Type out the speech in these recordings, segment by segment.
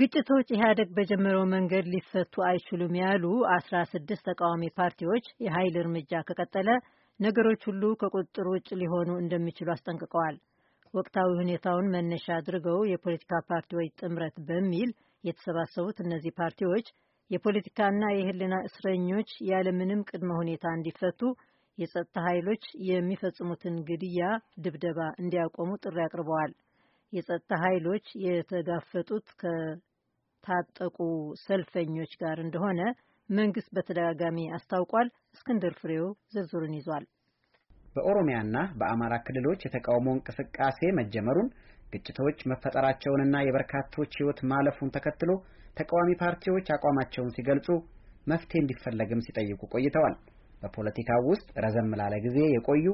ግጭቶች ኢህአደግ በጀመረው መንገድ ሊፈቱ አይችሉም ያሉ አስራ ስድስት ተቃዋሚ ፓርቲዎች የኃይል እርምጃ ከቀጠለ ነገሮች ሁሉ ከቁጥጥር ውጭ ሊሆኑ እንደሚችሉ አስጠንቅቀዋል። ወቅታዊ ሁኔታውን መነሻ አድርገው የፖለቲካ ፓርቲዎች ጥምረት በሚል የተሰባሰቡት እነዚህ ፓርቲዎች የፖለቲካና የህልና እስረኞች ያለምንም ቅድመ ሁኔታ እንዲፈቱ የጸጥታ ኃይሎች የሚፈጽሙትን ግድያ፣ ድብደባ እንዲያቆሙ ጥሪ አቅርበዋል። የጸጥታ ኃይሎች የተጋፈጡት ከታጠቁ ሰልፈኞች ጋር እንደሆነ መንግስት በተደጋጋሚ አስታውቋል። እስክንድር ፍሬው ዝርዝሩን ይዟል። በኦሮሚያና በአማራ ክልሎች የተቃውሞ እንቅስቃሴ መጀመሩን ግጭቶች መፈጠራቸውንና የበርካቶች ሕይወት ማለፉን ተከትሎ ተቃዋሚ ፓርቲዎች አቋማቸውን ሲገልጹ መፍትሄ እንዲፈለግም ሲጠይቁ ቆይተዋል። በፖለቲካው ውስጥ ረዘም ላለ ጊዜ የቆዩ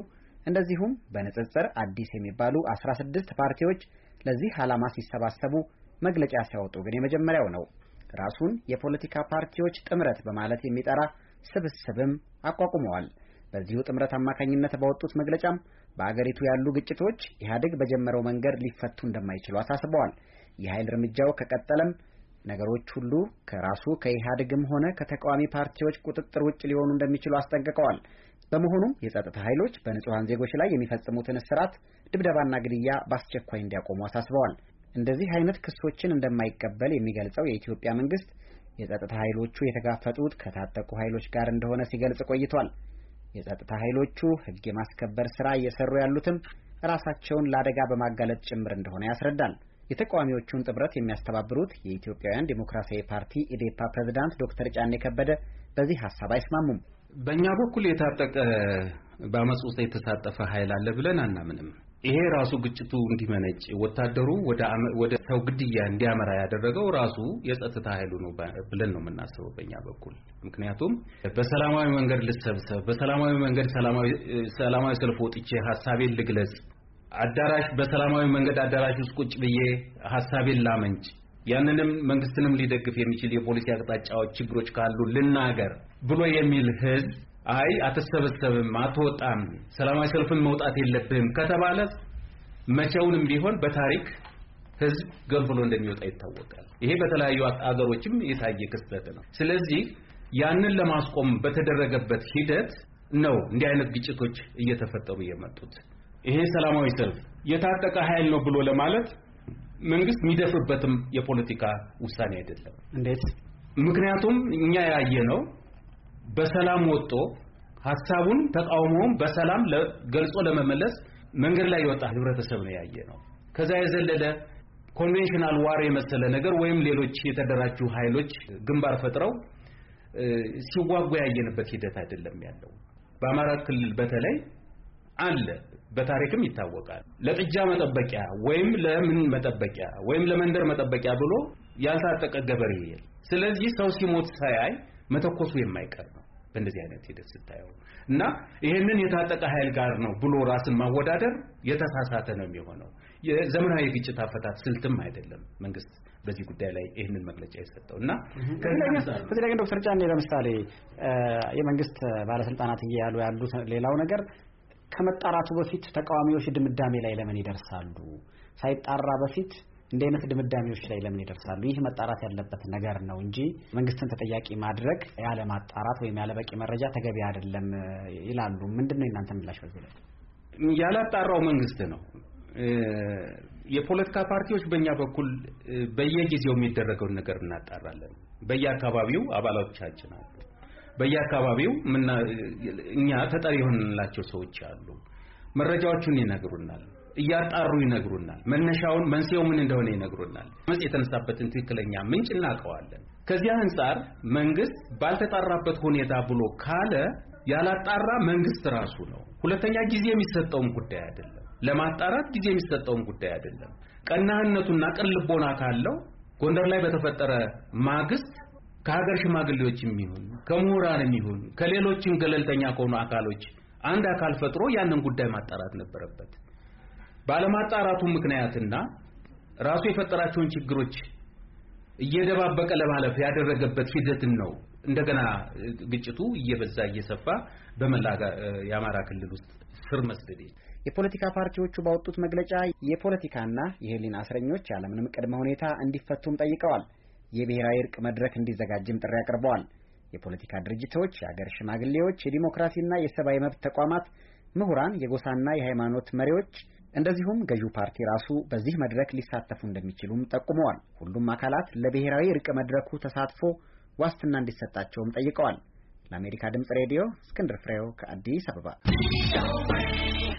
እንደዚሁም በንጽጽር አዲስ የሚባሉ 16 ፓርቲዎች ለዚህ ዓላማ ሲሰባሰቡ መግለጫ ሲያወጡ ግን የመጀመሪያው ነው። ራሱን የፖለቲካ ፓርቲዎች ጥምረት በማለት የሚጠራ ስብስብም አቋቁመዋል። በዚሁ ጥምረት አማካኝነት ባወጡት መግለጫም በአገሪቱ ያሉ ግጭቶች ኢህአዴግ በጀመረው መንገድ ሊፈቱ እንደማይችሉ አሳስበዋል። የኃይል እርምጃው ከቀጠለም ነገሮች ሁሉ ከራሱ ከኢህአዴግም ሆነ ከተቃዋሚ ፓርቲዎች ቁጥጥር ውጭ ሊሆኑ እንደሚችሉ አስጠንቅቀዋል። በመሆኑም የጸጥታ ኃይሎች በንጹሐን ዜጎች ላይ የሚፈጽሙትን እስራት፣ ድብደባና ግድያ በአስቸኳይ እንዲያቆሙ አሳስበዋል። እንደዚህ አይነት ክሶችን እንደማይቀበል የሚገልጸው የኢትዮጵያ መንግስት የጸጥታ ኃይሎቹ የተጋፈጡት ከታጠቁ ኃይሎች ጋር እንደሆነ ሲገልጽ ቆይቷል። የጸጥታ ኃይሎቹ ሕግ የማስከበር ስራ እየሰሩ ያሉትም ራሳቸውን ለአደጋ በማጋለጥ ጭምር እንደሆነ ያስረዳል። የተቃዋሚዎቹን ጥምረት የሚያስተባብሩት የኢትዮጵያውያን ዴሞክራሲያዊ ፓርቲ ኢዴፓ ፕሬዝዳንት ዶክተር ጫኔ ከበደ በዚህ ሀሳብ አይስማሙም። በእኛ በኩል የታጠቀ በአመፅ ውስጥ የተሳጠፈ ኃይል አለ ብለን አናምንም። ይሄ ራሱ ግጭቱ እንዲመነጭ ወታደሩ ወደ ሰው ግድያ እንዲያመራ ያደረገው ራሱ የጸጥታ ኃይሉ ነው ብለን ነው የምናስበው በእኛ በኩል። ምክንያቱም በሰላማዊ መንገድ ልሰብሰብ፣ በሰላማዊ መንገድ ሰላማዊ ሰልፍ ወጥቼ ሀሳቤን ልግለጽ አዳራሽ በሰላማዊ መንገድ አዳራሽ ውስጥ ቁጭ ብዬ ሀሳቤን ላመንጭ፣ ያንንም መንግስትንም ሊደግፍ የሚችል የፖሊሲ አቅጣጫዎች ችግሮች ካሉ ልናገር ብሎ የሚል ህዝብ አይ አትሰበሰብም፣ አትወጣም፣ ሰላማዊ ሰልፍን መውጣት የለብህም ከተባለ መቼውንም ቢሆን በታሪክ ህዝብ ገንፍሎ እንደሚወጣ ይታወቃል። ይሄ በተለያዩ አገሮችም የታየ ክስተት ነው። ስለዚህ ያንን ለማስቆም በተደረገበት ሂደት ነው እንዲህ አይነት ግጭቶች እየተፈጠሩ የመጡት። ይሄ ሰላማዊ ሰልፍ የታጠቀ ኃይል ነው ብሎ ለማለት መንግስት የሚደፍርበትም የፖለቲካ ውሳኔ አይደለም። እንዴት? ምክንያቱም እኛ ያየ ነው በሰላም ወጦ ሀሳቡን ተቃውሞውን በሰላም ገልጾ ለመመለስ መንገድ ላይ የወጣ ህብረተሰብ ነው ያየ ነው። ከዛ የዘለለ ኮንቬንሽናል ዋር የመሰለ ነገር ወይም ሌሎች የተደራጁ ኃይሎች ግንባር ፈጥረው ሲዋጉ ያየንበት ሂደት አይደለም ያለው። በአማራ ክልል በተለይ አለ በታሪክም ይታወቃል። ለጥጃ መጠበቂያ ወይም ለምን መጠበቂያ ወይም ለመንደር መጠበቂያ ብሎ ያልታጠቀ ገበሬ ይል። ስለዚህ ሰው ሲሞት ሳያይ መተኮሱ የማይቀር ነው። በእንደዚህ አይነት ሂደት ስታየው እና ይህንን የታጠቀ ኃይል ጋር ነው ብሎ ራስን ማወዳደር የተሳሳተ ነው የሚሆነው። የዘመናዊ ግጭት አፈታት ስልትም አይደለም። መንግስት በዚህ ጉዳይ ላይ ይህንን መግለጫ የሰጠው እና ከዚህ ላይ ግን ዶክተር ጫኔ ለምሳሌ የመንግስት ባለስልጣናት እያሉ ያሉት ሌላው ነገር ከመጣራቱ በፊት ተቃዋሚዎች ድምዳሜ ላይ ለምን ይደርሳሉ? ሳይጣራ በፊት እንዲህ አይነት ድምዳሜዎች ላይ ለምን ይደርሳሉ? ይህ መጣራት ያለበት ነገር ነው እንጂ መንግስትን ተጠያቂ ማድረግ ያለ ማጣራት ወይም ያለ በቂ መረጃ ተገቢ አይደለም ይላሉ። ምንድን ነው የእናንተ ምላሽ በዚህ ላይ? ያላጣራው መንግስት ነው። የፖለቲካ ፓርቲዎች በእኛ በኩል በየጊዜው የሚደረገውን ነገር እናጣራለን። በየአካባቢው አባላቶቻችን አሉ። በየአካባቢው እኛ ተጠሪ የሆንላቸው ሰዎች አሉ። መረጃዎቹን ይነግሩናል፣ እያጣሩ ይነግሩናል፣ መነሻውን መንስኤው ምን እንደሆነ ይነግሩናል። መጽ የተነሳበትን ትክክለኛ ምንጭ እናውቀዋለን። ከዚያ አንጻር መንግስት ባልተጣራበት ሁኔታ ብሎ ካለ ያላጣራ መንግስት ራሱ ነው። ሁለተኛ ጊዜ የሚሰጠውም ጉዳይ አይደለም፣ ለማጣራት ጊዜ የሚሰጠውም ጉዳይ አይደለም። ቀናህነቱና ቅን ልቦና ካለው ጎንደር ላይ በተፈጠረ ማግስት ከሀገር ሽማግሌዎች ይሁን ከምሁራንም ይሁን ከሌሎችም ገለልተኛ ከሆኑ አካሎች አንድ አካል ፈጥሮ ያንን ጉዳይ ማጣራት ነበረበት። ባለማጣራቱ ምክንያትና ራሱ የፈጠራቸውን ችግሮች እየደባበቀ ለማለፍ ያደረገበት ሂደትን ነው እንደገና ግጭቱ እየበዛ እየሰፋ በመላ የአማራ ክልል ውስጥ ስር መስደድ የፖለቲካ ፓርቲዎቹ ባወጡት መግለጫ የፖለቲካና የህሊና እስረኞች ያለምንም ቅድመ ሁኔታ እንዲፈቱም ጠይቀዋል። የብሔራዊ እርቅ መድረክ እንዲዘጋጅም ጥሪ አቅርበዋል። የፖለቲካ ድርጅቶች፣ የአገር ሽማግሌዎች፣ የዲሞክራሲና የሰብአዊ መብት ተቋማት፣ ምሁራን፣ የጎሳና የሃይማኖት መሪዎች እንደዚሁም ገዢው ፓርቲ ራሱ በዚህ መድረክ ሊሳተፉ እንደሚችሉም ጠቁመዋል። ሁሉም አካላት ለብሔራዊ እርቅ መድረኩ ተሳትፎ ዋስትና እንዲሰጣቸውም ጠይቀዋል። ለአሜሪካ ድምፅ ሬዲዮ እስክንድር ፍሬው ከአዲስ አበባ